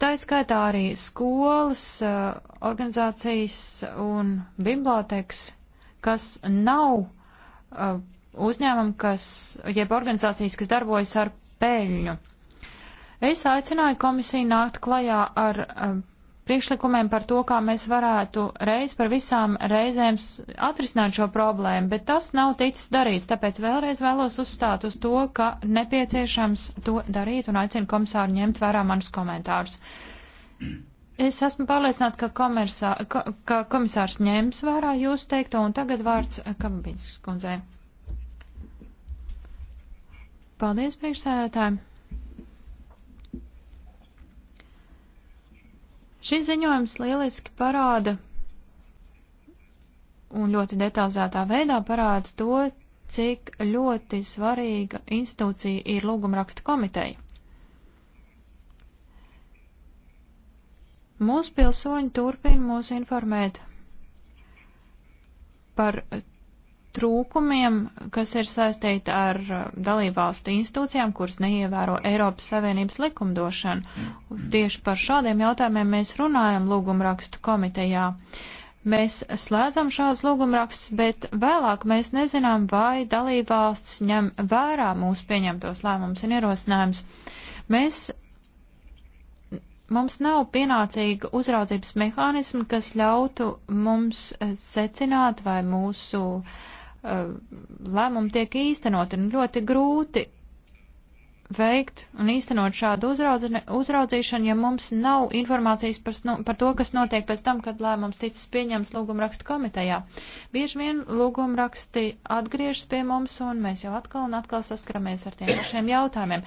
Tā skaitā arī skolas, e, organizācijas un bibliotekas, kas nav e, uzņēmumi, kas, jeb organizācijas, kas darbojas ar peļņu. Es aicināju komisiju nākt klajā ar priekšlikumiem par to, kā mēs varētu reiz par visām reizēm atrisināt šo problēmu, bet tas nav ticis darīts, tāpēc vēlreiz vēlos uzstāt uz to, ka nepieciešams to darīt un aicinu komisāru ņemt vērā manus komentārus. Es esmu pārliecināta, ka, komersā, ka, ka komisārs ņems vērā jūs teikto, un tagad vārds Kababiņas kundzei. Paldies, priekšsēdētāji! Šis ziņojums lieliski parāda un ļoti detalizētā veidā parāda to, cik ļoti svarīga institūcija ir lūgumraksta komiteja. Mūsu pilsoņi turpina mūs informēt par trūkumiem, kas ir saistīti ar uh, dalībvalstu institūcijām, kuras neievēro Eiropas Savienības likumdošanu. Tieši par šādiem jautājumiem mēs runājam lūgumrakstu komitejā. Mēs slēdzam šādus lūgumrakstus, bet vēlāk mēs nezinām, vai dalībvalsts ņem vērā mūsu pieņemtos lēmumus un ierosinājumus. Mēs mums nav pienācīga uzraudzības mehānisma, kas ļautu mums secināt, vai mūsu uh, Eh, lēmumi tiek īstenoti un ļoti grūti veikt un īstenot šādu uzraudzīšanu, ja mums nav informācijas par, nu, par to, kas notiek pēc tam, kad lēmums ticis pieņems lūgumrakstu komitejā. Bieži vien lūgumraksti atgriežas pie mums, un mēs jau atkal un atkal saskaramies ar tiem pašiem jautājumiem.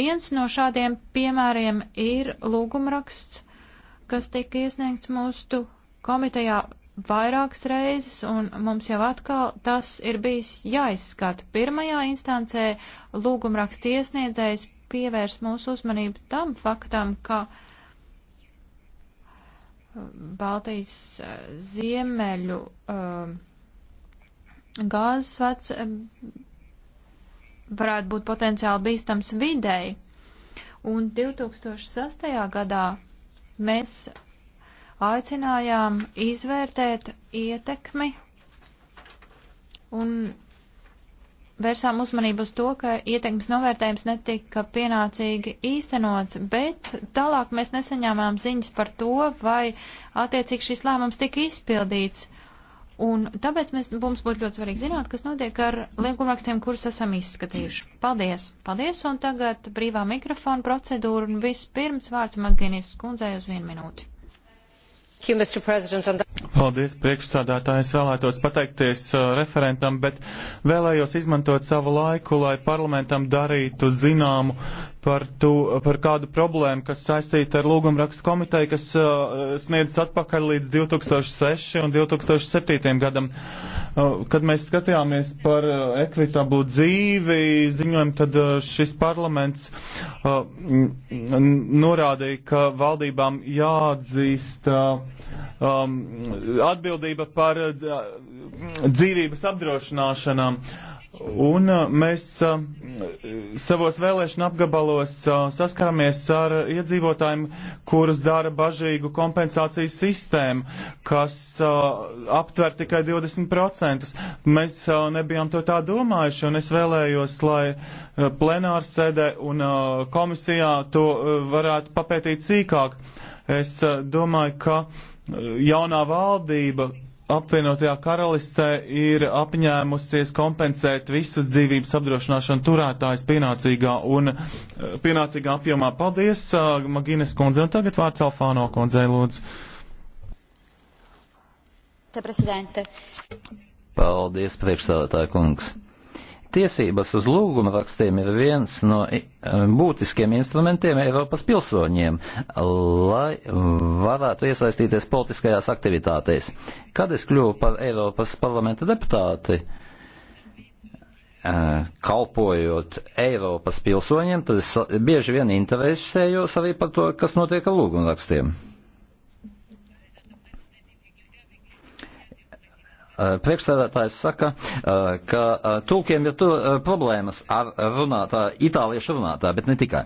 Viens no šādiem piemēriem ir lūgumraksts, kas tika iesniegts mūsu komitejā vairākas reizes, un mums jau atkal tas ir bijis jāizskata. Pirmajā instancē lūgumraksta iesniedzējs pievērs mūsu uzmanību tam faktam, ka uh, Baltijas uh, ziemeļu uh, gāzes vats uh, varētu būt potenciāli bīstams videi. Un 2006. gadā mēs aicinājām izvērtēt ietekmi un vērsām uzmanību uz to, ka ietekmes novērtējums netika pienācīgi īstenots, bet tālāk mēs nesaņēmām ziņas par to, vai attiecīgi šis lēmums tika izpildīts. Un tāpēc mēs, mums būtu ļoti svarīgi zināt, kas notiek ar liegumrakstiem, kurus esam izskatījuši. Paldies! Paldies! Un tagad brīvā mikrofona procedūra un vispirms vārds Maginis skundzēja uz vienu minūti. Paldies, priekšsādātāji. Es vēlētos pateikties uh, referentam, bet vēlējos izmantot savu laiku, lai parlamentam darītu zināmu par, tu, par kādu problēmu, kas saistīta ar lūgumrakstu komiteju, kas uh, sniedz atpakaļ līdz 2006 un 2007 gadam. Uh, kad mēs skatījāmies par uh, ekvitablu dzīvi ziņojumu, tad uh, šis parlaments uh, norādīja, ka valdībām jāatzīst uh, um, atbildība par uh, dzīvības apdrošināšanām. Uh, Un uh, mēs uh, savos vēlēšana apgabalos uh, saskarāmies ar iedzīvotājiem, kurus dara bažīgu kompensācijas sistēmu, kas aptver tikai 20%. Mēs nebijām to tā domājuši, un es vēlējos, lai plenārs sēdē un komisijā to varētu papētīt cīkāk. Es domāju, ka jaunā valdība apvienotajā karalistē ir apņēmusies kompensēt visus dzīvības apdrošināšanu turētājs pienācīgā un eh, pienācīgā apjomā. Paldies, uh, Magīnes kundze, un tagad vārds Alfāno kundzei lūdzu. Te, prezidente. Paldies, priekšstādātāja kungs. Tiesības uz lūguma rakstiem ir viens no e, um, būtiskiem instrumentiem Eiropas pilsoņiem, lai varētu iesaistīties politiskajās aktivitātēs. Kad es kļuvu par Eiropas parlamenta deputāti, uh, kalpojot Eiropas pilsoņiem, tad es bieži vien interesējos arī par to, kas notiek ar lūgumrakstiem. Eh, Priekšstādātājs saka, eh, ka eh, tulkiem ir tu, problēmas ar runātāju, itāliešu runātāju, bet ne tikai.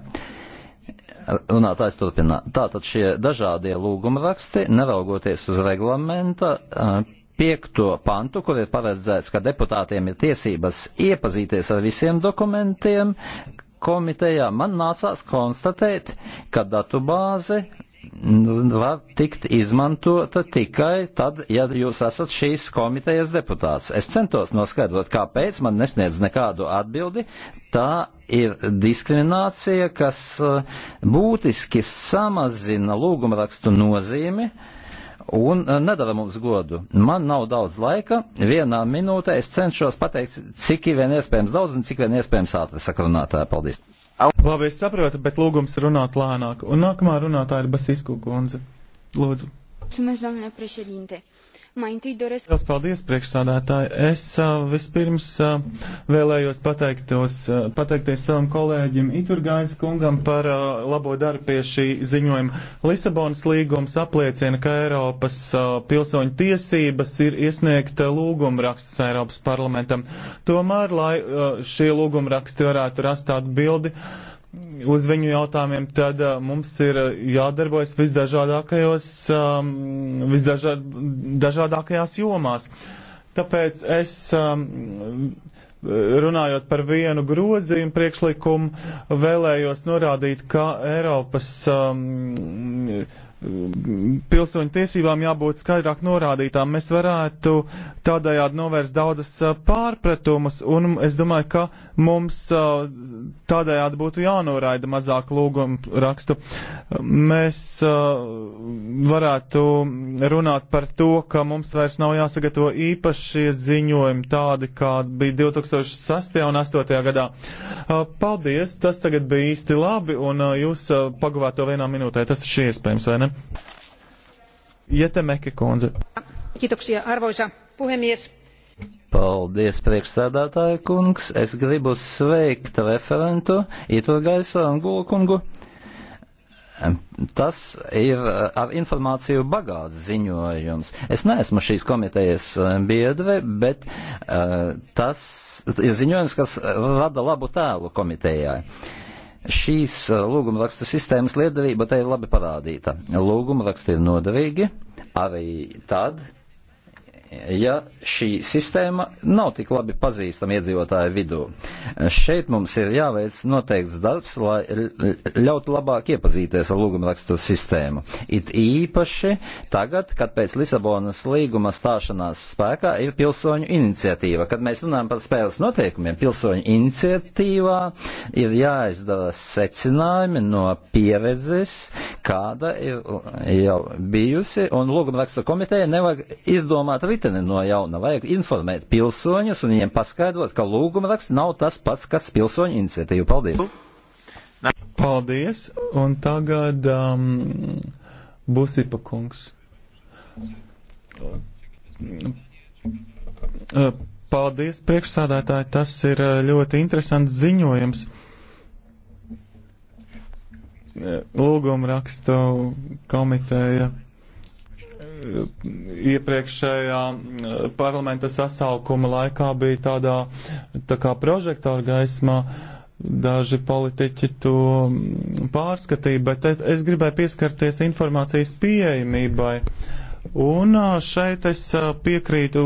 Runātājs turpina. Tātad šie dažādie lūguma raksti, neraugoties uz reglamenta, piekto pantu, kur ir paredzēts, ka deputātiem ir tiesības iepazīties ar visiem dokumentiem, komitejā man nācās konstatēt, ka datubāze var tikt izmantota tikai tad, ja jūs esat šīs komitejas deputāts. Es centos noskaidrot, kāpēc man nesniedz nekādu atbildi. Tā ir diskriminācija, kas eh, būtiski samazina lūgumrakstu nozīmi. Uh, un e, nedara mums godu. Man nav daudz laika, vienā minūtē es cenšos pateikt, cik vien iespējams daudz un cik vien iespējams ātri sakrunātāji. Paldies! Labi, es saprotu, bet lūgums runāt lēnāk. Un nākamā runātāja ir Basisku kundze. Lūdzu. Mulțumesc, domnule președinte. Uh, Mai întâi doresc. Lielas paldies, priekšsādātāji. Es uh, vispirms uh, vēlējos pateiktos, uh, pateikties savam kolēģim Iturgaiza kungam par uh, labo darbu pie šī ziņojuma. Lisabonas līgums apliecina, ka Eiropas uh, pilsoņu tiesības ir iesniegt uh, lūgumrakstus Eiropas parlamentam. Tomēr, lai uh, šie lūgumraksti varētu rast tādu bildi, uh, uz viņu jautājumiem, tad uh, mums ir uh, jādarbojas visdažādākajos, um, visdažādākajās jomās. Tāpēc es, um, runājot par vienu grozījumu priekšlikumu, vēlējos norādīt, ka Eiropas um, pilsoņu tiesībām jābūt skaidrāk norādītām. Mēs varētu tādējādi novērst daudzas pārpratumus, un es domāju, ka mums tādējādi būtu jānoraida mazāk lūgumu rakstu. Mēs varētu runāt par to, ka mums vairs nav jāsagatavo īpašie ziņojumi tādi, kādi bija 2006. un 2008. gadā. Paldies, tas tagad bija īsti labi, un jūs pagavāt to vienā minūtē. Tas ir šī iespējams, vai ne? Jetemeke kundze. Kiitoksia, arvoisa puhemies. Paldies, priekšsēdētāja kungs. Es gribu sveikt referentu Iturgaisu Angulkungu. Tas ir ar informāciju bagāts ziņojums. Es neesmu šīs komitejas biedre, bet uh, tas ir ziņojums, kas rada labu tēlu komitejai. Uh, šīs lūguma raksta sistēmas liederība te ir labi parādīta. Lūguma raksti ir noderīgi arī tad, ja šī sistēma nav tik labi pazīstama iedzīvotāju vidū. Šeit mums ir jāveic noteikts darbs, lai ļautu labāk iepazīties ar lūgumrakstu sistēmu. It īpaši tagad, kad pēc Lisabonas līguma stāšanās spēkā ir pilsoņu iniciatīva. Kad mēs runājam par spēles noteikumiem, pilsoņu iniciatīvā ir jāizdara secinājumi no pieredzes, kāda ir jau bijusi, un lūgumrakstu komiteja nevajag izdomāt rituālu riteni no jauna. Vajag informēt pilsoņus un viņiem paskaidrot, ka lūguma raksts nav tas pats, kas pilsoņu iniciatīva. Paldies! Paldies! Un tagad um, būs Ipa kungs. Uh, paldies, priekšsādātāji, tas ir uh, ļoti interesants ziņojums. Uh, lūgumrakstu komiteja iepriekšējā eh, parlamenta sasaukuma laikā bija tādā tā kā prožektora gaismā. Daži politiķi to pārskatīja, bet es, es gribēju pieskarties informācijas pieejamībai. Un eh, šeit es eh, piekrītu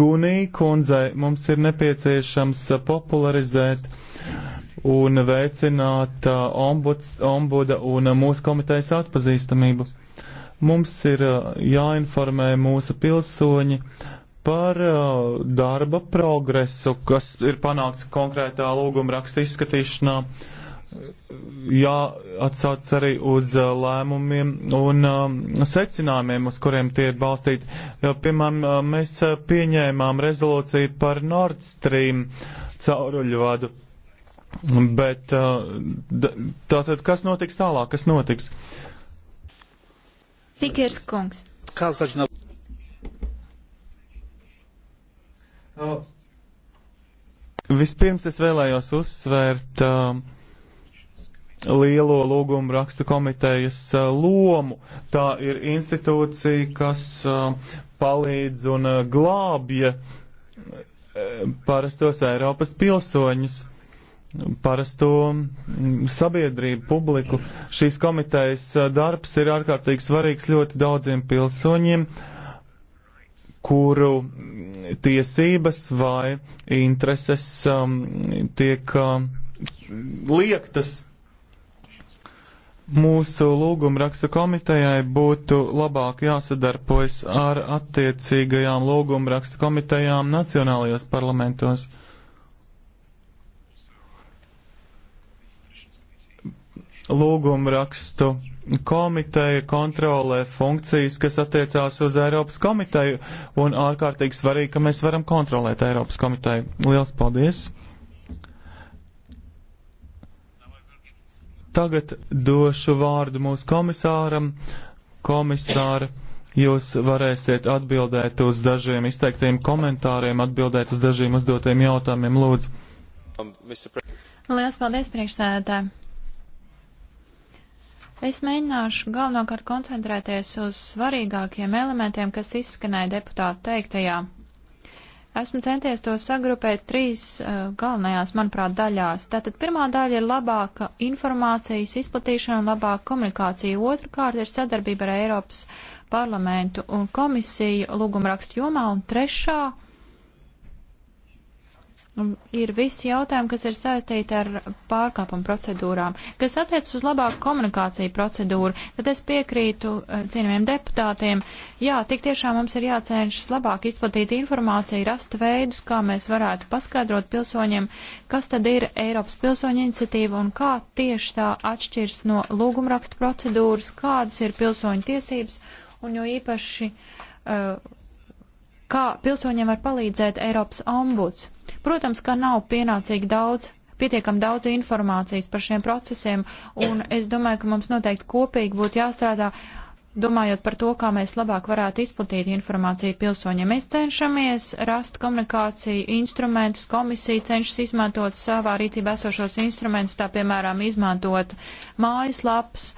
Gunī kundzei, mums ir nepieciešams popularizēt un veicināt ombuds, ombuda un mūsu komitejas atpazīstamību. Mums ir eh, jāinformē mūsu pilsoņi par eh, darba progresu, kas ir panākts konkrētā lūguma raksta izskatīšanā. Jāatsauc arī uz eh, lēmumiem un secinājumiem, uz kuriem tie ir balstīti. Piemēram, mēs pieņēmām rezolūciju par Nord Stream cauruļvadu. Bet tātad, kas notiks tālāk, kas notiks? Uh, Tikers kungs. Kāds no... Oh. Vispirms es vēlējos uzsvērt um, lielo lūgumu rakstu komitejas uh, lomu. Tā ir institūcija, kas uh, palīdz un uh, glābja uh, parastos Eiropas pilsoņus. Uh, parasto sabiedrību, publiku. Šīs komitejas darbs ir ārkārtīgi svarīgs ļoti daudziem pilsoņiem, kuru tiesības vai intereses um, tiek um, liektas. Mūsu lūguma raksta komitejai būtu labāk jāsadarbojas ar attiecīgajām lūguma raksta komitejām nacionālajos parlamentos. lūgumu rakstu komiteja kontrolē funkcijas, kas attiecās uz Eiropas komiteju, un ārkārtīgi svarīgi, ka mēs varam kontrolēt Eiropas komiteju. Liels paldies! Tagad došu vārdu mūsu komisāram. Komisāra, jūs varēsiet atbildēt uz dažiem izteiktiem komentāriem, atbildēt uz dažiem uzdotiem jautājumiem, lūdzu. Liels paldies, priekšsēdētāji! Es mēģināšu galvenokārt koncentrēties uz svarīgākiem elementiem, kas izskanēja deputātu teiktajā. Esmu centies to sagrupēt trīs uh, galvenajās, manuprāt, daļās. Tātad pirmā daļa ir labāka informācijas izplatīšana un labāka komunikācija. Otrakārt ir sadarbība ar Eiropas parlamentu un komisiju lūgumrakstu jomā. Un trešā ir visi jautājumi, kas ir saistīti ar pārkāpumu procedūrām. Kas attiecas uz labāku komunikāciju procedūru, tad es piekrītu eh, cienījumiem deputātiem. Jā, tik tiešām mums ir jācenšas labāk izplatīt informāciju, rast veidus, kā mēs varētu paskaidrot pilsoņiem, kas tad ir Eiropas pilsoņu iniciatīva un kā tieši tā atšķirs no lūgumrakstu procedūras, kādas ir pilsoņu tiesības un jo īpaši. Uh, kā pilsoņiem var palīdzēt Eiropas ombuds. Protams, ka nav pienācīgi daudz, pietiekam daudz informācijas par šiem procesiem, un es domāju, ka mums noteikti kopīgi būtu jāstrādā, domājot par to, kā mēs labāk varētu izplatīt informāciju pilsoņiem. Mēs cenšamies rast komunikāciju instrumentus, komisija cenšas izmantot savā rīcībā esošos instrumentus, tā piemēram, izmantot mājaslaps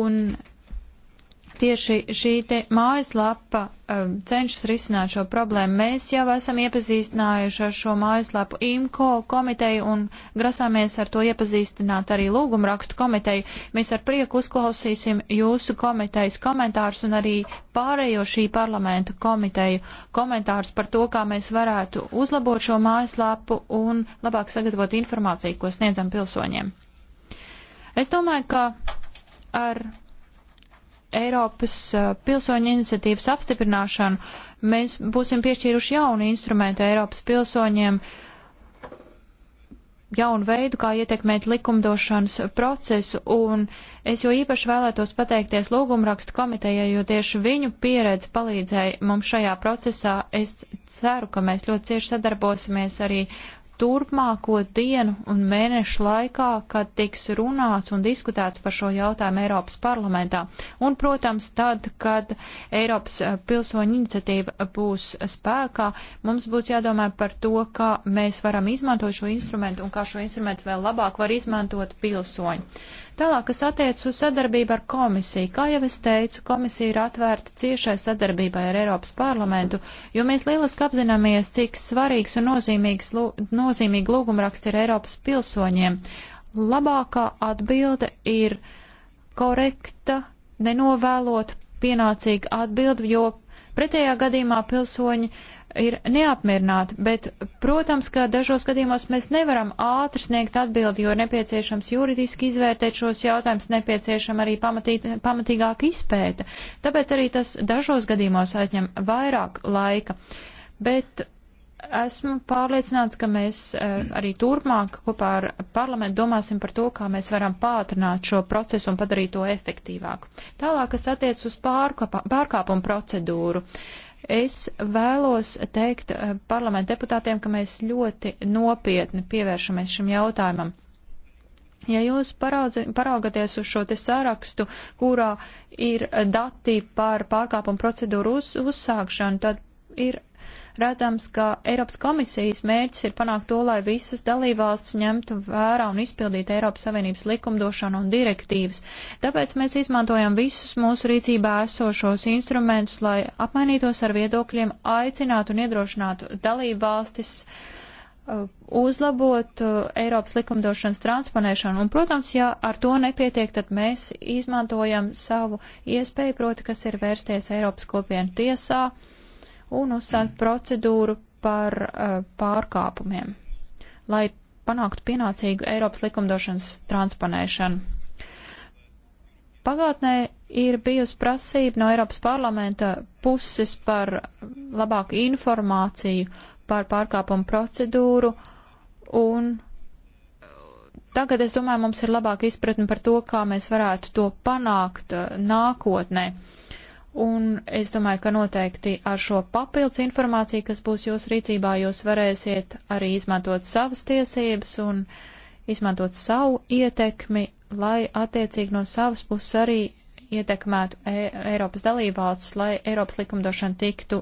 un Tieši šī te mājaslapa um, cenšas risināt šo problēmu. Mēs jau esam iepazīstinājuši ar šo mājaslapu IMCO komiteju un grasāmies ar to iepazīstināt arī lūgumrakstu komiteju. Mēs ar prieku uzklausīsim jūsu komitejas komentārus un arī pārējo šī parlamenta komiteju komentārus par to, kā mēs varētu uzlabot šo mājaslapu un labāk sagatavot informāciju, ko sniedzam pilsoņiem. Es domāju, ka ar Eiropas pilsoņu iniciatīvas apstiprināšanu, mēs būsim piešķīruši jaunu instrumentu Eiropas pilsoņiem, jaunu veidu, kā ietekmēt likumdošanas procesu, un es jo īpaši vēlētos pateikties lūgumrakstu komitejai, jo tieši viņu pieredze palīdzēja mums šajā procesā. Es ceru, ka mēs ļoti cieši sadarbosimies arī turpmāko dienu un mēnešu laikā, kad tiks runāts un diskutēts par šo jautājumu Eiropas parlamentā. Un, protams, tad, kad Eiropas eh, pilsoņu iniciatīva būs spēkā, mums būs jādomā par to, kā mēs varam izmantot šo instrumentu un kā šo instrumentu vēl labāk var izmantot pilsoņi. Tālāk, kas attiecas uz sadarbību ar komisiju. Kā jau es teicu, komisija ir atvērta ciešai sadarbībai ar Eiropas parlamentu, jo mēs lieliski apzināmies, cik svarīgs un nozīmīgs, nozīmīgi lūgumraksti ir Eiropas pilsoņiem. Labākā atbilde ir korekta, nenovēlot pienācīga atbilde, jo pretējā gadījumā pilsoņi uh, ir neapmierināti, bet, protams, ka dažos gadījumos mēs nevaram ātri sniegt atbildi, jo ir nepieciešams juridiski izvērtēt šos jautājumus, nepieciešama arī pamatīt, pamatīgāka izpēta. Tāpēc arī tas dažos gadījumos aizņem vairāk laika. Bet esmu pārliecināts, ka mēs eh, arī turpmāk kopā ar parlamentu domāsim par to, kā mēs varam pātrināt šo procesu un padarīt to efektīvāku. Tālāk, kas attiec uz pārkāpumu procedūru. Uh, Es vēlos teikt eh, parlamentu deputātiem, ka mēs ļoti nopietni pievēršamies šim jautājumam. Ja jūs paraudzi, paraugaties uz šo te sārakstu, kurā ir dati par pārkāpumu procedūru uz, uzsākšanu, tad ir redzams, ka Eiropas komisijas mērķis ir panākt to, lai visas dalībvalstis ņemtu vērā un izpildītu Eiropas Savienības likumdošanu un direktīvas. Tāpēc mēs izmantojam visus mūsu rīcībā esošos instrumentus, lai apmainītos ar viedokļiem, aicinātu un iedrošinātu dalībvalstis uh, uzlabot uh, Eiropas likumdošanas transponēšanu. Un, protams, ja ar to nepietiek, tad mēs izmantojam savu iespēju, proti, kas ir vērsties Eiropas kopienu tiesā un uzsākt procedūru par uh, pārkāpumiem, lai panāktu pienācīgu Eiropas likumdošanas transponēšanu. Pagātnē ir bijusi prasība no Eiropas parlamenta puses par labāku informāciju par pārkāpumu procedūru, un tagad es domāju, mums ir labāka izpratne par to, kā mēs varētu to panākt eh, nākotnē. Uh, Un es domāju, ka noteikti ar šo papildus informāciju, kas būs jūsu rīcībā, jūs varēsiet arī izmantot savas tiesības un izmantot savu ietekmi, lai attiecīgi no savas puses arī ietekmētu e Eiropas dalībvalsts, lai Eiropas likumdošana tiktu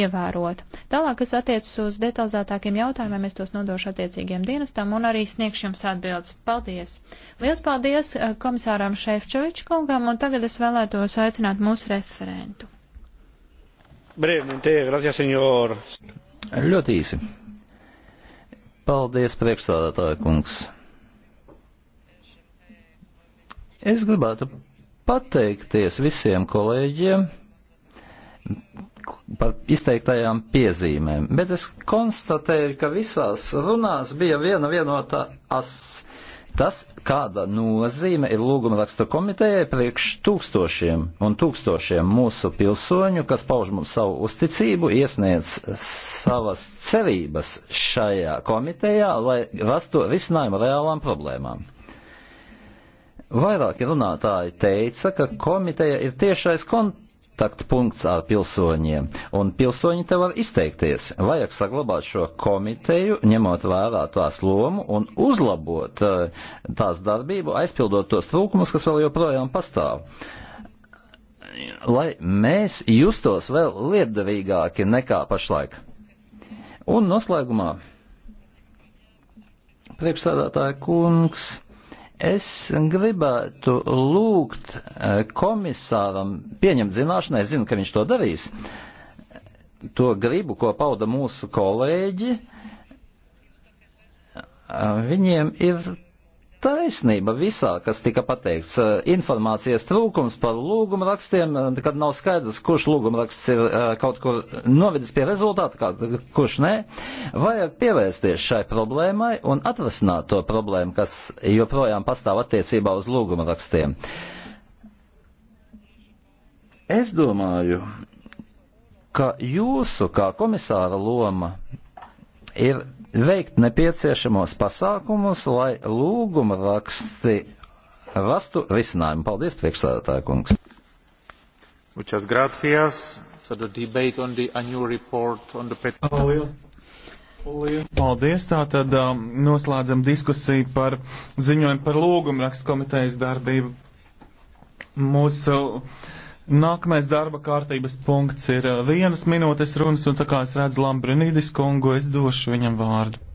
ievērot. Tālāk, kas attiecas uz detalizētākiem jautājumiem, es tos nodošu attiecīgiem dienestam un arī sniegšu jums atbildes. Paldies! Liels paldies eh, komisāram Šefčoviču kungam, un tagad es vēlētos aicināt mūsu referentu. Brīvmente, gracias, senjor. Ļoti īsi. Paldies, priekšstādātāja kungs. Es gribētu pateikties visiem kolēģiem par izteiktajām piezīmēm, bet es konstatēju, ka visās runās bija viena vienotā as. Tas, kāda nozīme ir lūguma rakstu komitejai priekš tūkstošiem un tūkstošiem mūsu pilsoņu, kas pauž mums savu uzticību, iesniedz savas cerības šajā komitejā, lai rastu risinājumu reālām problēmām. Vairāki runātāji teica, ka komiteja ir tiešais kontaktpunkts ar pilsoņiem, un pilsoņi te var izteikties. Vajag saglabāt šo komiteju, ņemot vērā tās lomu un uzlabot eh, tās darbību, aizpildot tos trūkumus, kas vēl joprojām pastāv lai mēs justos vēl lietderīgāki nekā pašlaik. Un noslēgumā, priekšsēdētāja kungs, Es gribētu lūgt e, komisāram pieņemt zināšanai, es zinu, ka viņš to darīs, to gribu, ko pauda mūsu kolēģi, e, viņiem ir taisnība visā, kas tika pateikts. Eh, informācijas trūkums par lūguma rakstiem, eh, kad nav skaidrs, kurš lūguma raksts ir eh, kaut kur novedis pie rezultāta, kurš nē. Vajag pievērsties šai problēmai un atrasināt to problēmu, kas joprojām pastāv attiecībā uz lūguma rakstiem. Es domāju, ka jūsu kā komisāra loma ir veikt nepieciešamos pasākumus, lai lūguma raksti rastu risinājumu. Paldies, priekšsēdētāja kungs. Muchas gracias. So the debate on the annual report on the Paldies. Paldies. Paldies. Tātad um, noslēdzam diskusiju par ziņojumu par lūgumrakstu komitejas darbību. Mūsu uh, Nākamais darba kārtības punkts ir vienas minūtes runas, un tā kā es redzu Lambrinīdis kungu, es došu viņam vārdu.